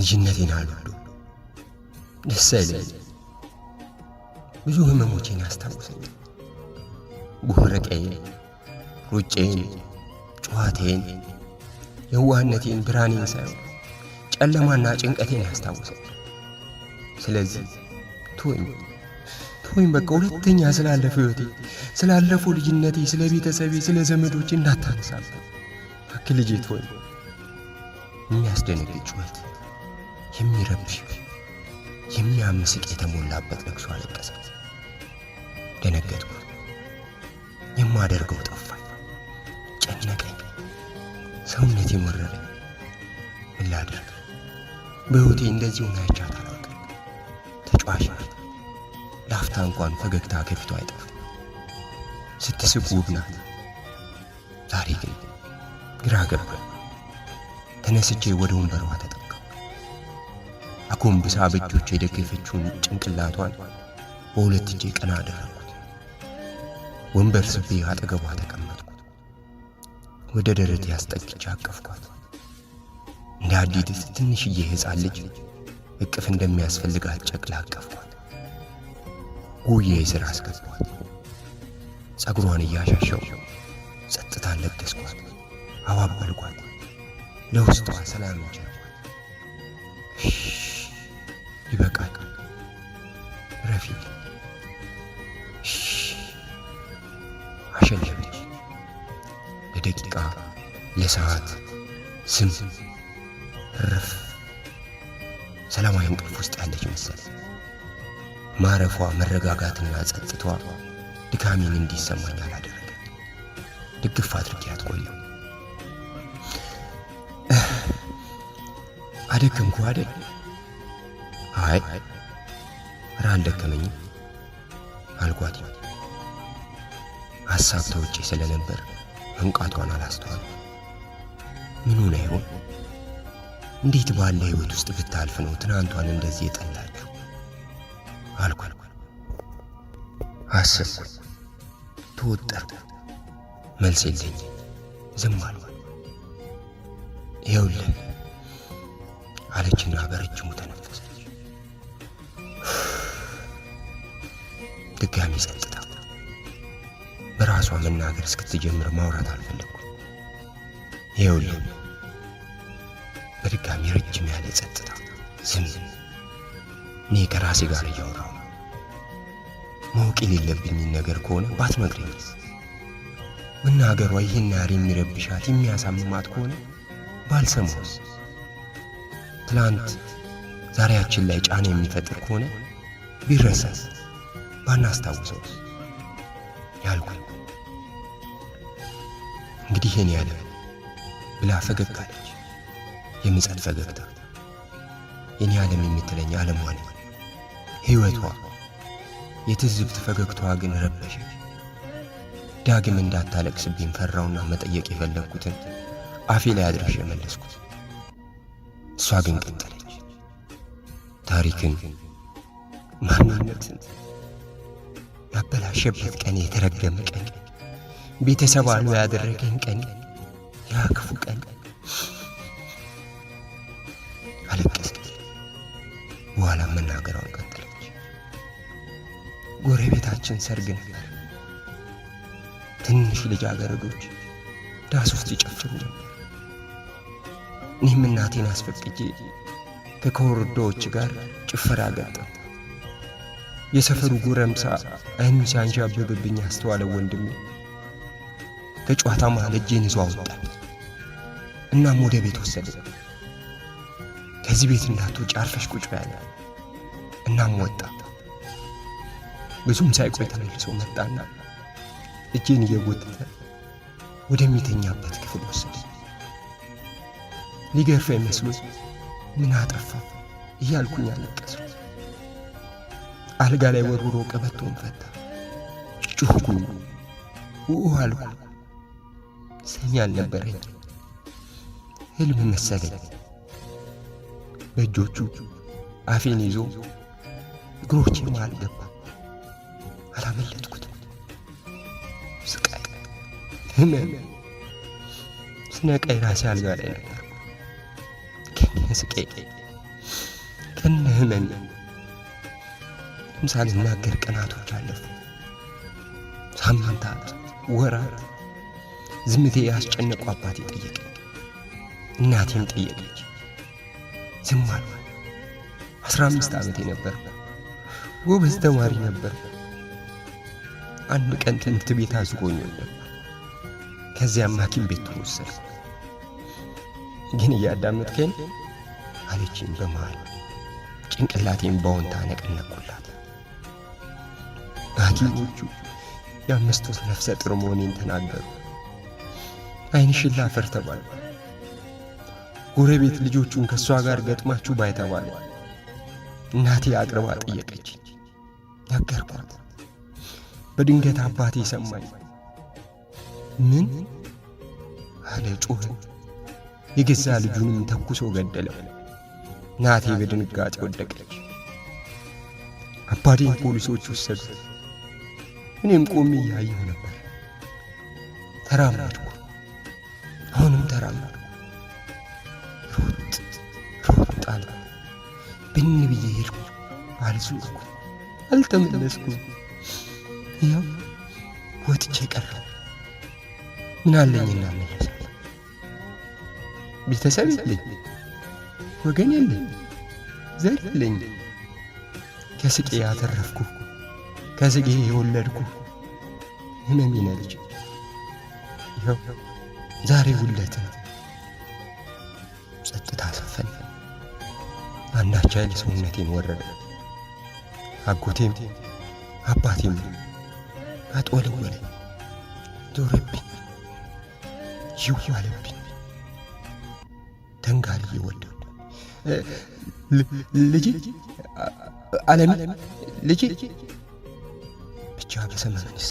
ልጅነቴን አልወዱ ደስ አይለኝ። ብዙ ህመሞቼን ያስታውሰኝ። ቦረቄን፣ ሩጬን፣ ጨዋቴን፣ የዋህነቴን፣ ብርሃኔን ሳይሆን ጨለማና ጭንቀቴን ያስታውሰኝ። ስለዚህ ቶኝ ቶኝ በቃ ሁለተኛ ስላለፈ ህይወቴ፣ ስላለፈው ልጅነቴ፣ ስለ ቤተሰቤ፣ ስለ ዘመዶቼ እንዳታነሳብኝ። አክ ልጄ ቶኝ የሚያስደነግጥ ጩኸት የሚረብሽ የሚያምስቅ የተሞላበት ለቅሶ አለቀሰት። ደነገጥኩ። የማደርገው ጠፋኝ፣ ጨነቀኝ፣ ሰውነት የመረረኝ። ምን ላድርግ? በሕይወቴ እንደዚህ ሆና አይቻት አላውቅም። ተጫዋች ናት። ላፍታ እንኳን ፈገግታ ከፊቷ አይጠፍም። ስትስቅ ውብ ናት። ዛሬ ግን ግራ ገባኝ። ተነስቼ ወደ ወንበሯ ተጠ ጎንብሳ በእጆች የደገፈችውን ጭንቅላቷን በሁለት እጄ ቀና አደረግኩት። ወንበር ስቤ አጠገቧ ተቀመጥኩት። ወደ ደረት አስጠግቼ አቀፍኳት። እንደ አዲት ትንሽዬ ሕፃን ልጅ እቅፍ እንደሚያስፈልጋት ጨቅላ አቀፍኳት። ጉዬ የስራ አስገቧት። ጸጉሯን እያሻሸው ጸጥታን ለገስኳት፣ አባበልኳት፣ ለውስጧ ሰላም እንጀርኳት። ይበቃል፣ ረፊ አሸለበች። ለደቂቃ ለሰዓት ስም ረፍ ሰላማዊ እንቅልፍ ውስጥ ያለች መሰል ማረፏ መረጋጋትና ጸጥቷ ድካሜን እንዲሰማኝ አላደረገ። ድግፍ አድርጌያት ቆየሁ። አደከምኩ አደግ አይ ኧረ አልደከመኝም አልኳት። ሐሳብ ተውጬ ስለነበር መንቃቷን አላስተዋል። ምን ሆነ ይሆን? እንዴት ባለ ህይወት ውስጥ ብታልፍ ነው ትናንቷን እንደዚህ የጠላችሁ? አልኳል። አሰብኩኝ፣ ተወጠርኩ። መልስ የለኝም። ዝም አልኳል። ይኸውልህ አለችና በረጅሙ ተነፈ ድጋሚ ሰልጥታ በራሷ መናገር እስክትጀምር ማውራት አልፈለግኩም። ይኸውልህ በድጋሚ ረጅም ያለ ጸጥታ፣ ዝም። እኔ ከራሴ ጋር እያወራሁ ማወቅ የሌለብኝን ነገር ከሆነ ባትነግረኝ፣ መናገሯ ይህን ያህል የሚረብሻት የሚያሳምማት ከሆነ ባልሰማውስ፣ ትላንት ዛሬያችን ላይ ጫና የሚፈጥር ከሆነ ቢረሳስ ባናስታውሰው ያልኩኝ። እንግዲህ እኔ ያለ ብላ ፈገግ አለች። የምጸት ፈገግታ የኔ ዓለም የምትለኝ ዓለሟ ሕይወቷ። የትዝብት ፈገግታዋ ግን ረበሸች። ዳግም እንዳታለቅስብኝ ፈራውና መጠየቅ የፈለግኩትን አፌ ላይ አድረሽ የመለስኩት። እሷ ግን ቀጠለች። ታሪክን፣ ማንነትን ያበላሸበት ቀን፣ የተረገመ ቀን፣ ቤተሰብ አሉ ያደረገን ቀን፣ ያ ክፉ ቀን አለቀስ በኋላ መናገረው ቀጠለች። ጎረቤታችን ሰርግ ነበር። ትንሽ ልጃገረዶች ዳስ ውስጥ ይጨፍሩ ነበር። እኔም እናቴን አስፈቅጄ ከኮረዶዎች ጋር ጭፈራ ገጠምኩ። የሰፈሩ ጎረምሳ ዓይኑ ሲያንዣብብብኝ ያስተዋለው ወንድሜ ከጨዋታ መሃል እጄን ይዞ አወጣ። እናም ወደ ቤት ወሰደ። ከዚህ ቤት እንዳትወጪ ጫርፈሽ ቁጭ ያለ። እናም ወጣ። ብዙም ሳይቆይ ተመልሶ መጣና እጄን እየጎተተ ወደሚተኛበት ክፍል ወሰደ። ሊገርፈኝ መስሎት ምን አጠፋ እያልኩኝ አለቀስኩ። አልጋ ላይ ወርውሮ ቀበቶን ፈታ። ጩኩ ውህ አልኩ። ሰሚ አልነበረኝ፣ ህልም መሰለኝ። በእጆቹ አፌን ይዞ እግሮቼ መሃል ገባ። አላመለጥኩትም። ስቃይ፣ ህመም ስነቀይ ራሴ አልጋ ላይ ነበር ከነ ስቃይ ከነ ህመም ምንም ሳልናገር ቀናቶች አለፉ። ሳምንታት፣ ወራት። ዝምቴ ያስጨነቁ አባቴ ጠየቀ፣ እናቴም ጠየቀች። ዝም አልኩ። አስራ አምስት ዓመቴ ነበር። ጎበዝ ተማሪ ነበር። አንድ ቀን ትምህርት ቤት አዝጎኝ ነበር። ከዚያም ሐኪም ቤት ተወሰድ። ግን እያዳመጥከኝ አለችኝ በመሃል ጭንቅላቴን በወንታ ነቀነቁላት። ሐኪሞቹ የአምስት ወር ነፍሰ ጡር መሆኔን ተናገሩ። ዓይንሽን ላፈር ተባለ። ጎረቤት ልጆቹን ከእሷ ጋር ገጥማችሁ ባይ እናቴ አቅርባ ጠየቀች፣ ነገርኳት። በድንገት አባቴ ሰማኝ። ምን አለ ጩኸ። የገዛ ልጁንም ተኩሶ ገደለ። እናቴ በድንጋጤ ወደቀች። አባቴን ፖሊሶች ወሰዱ። እኔም ቆሜ እያየሁ ነበር። ተራመድኩ፣ አሁንም ተራመድኩ። ሩጥ ሩጥ አልኩ፣ ብን ብዬ ሄድኩ። አልዙኩ፣ አልተመለስኩ። ያው ወጥቼ ቀረ። ምን አለኝ መለሳል? ቤተሰብ የለኝ፣ ወገን የለኝ፣ ዘር የለኝ። ከስቄ ያተረፍኩ ከጽጌ የወለድኩ ህመሜን ልጅ ይኸው ዛሬ ውለት ጸጥታ ሰፈን። አንዳች ኃይል ሰውነቴን ወረደ። አጎቴም አባቴም አጦለወለ ዞረብኝ፣ ይዋለብኝ ተንጋል ወደዱ ልጅ አለም ልጅ በሰማያት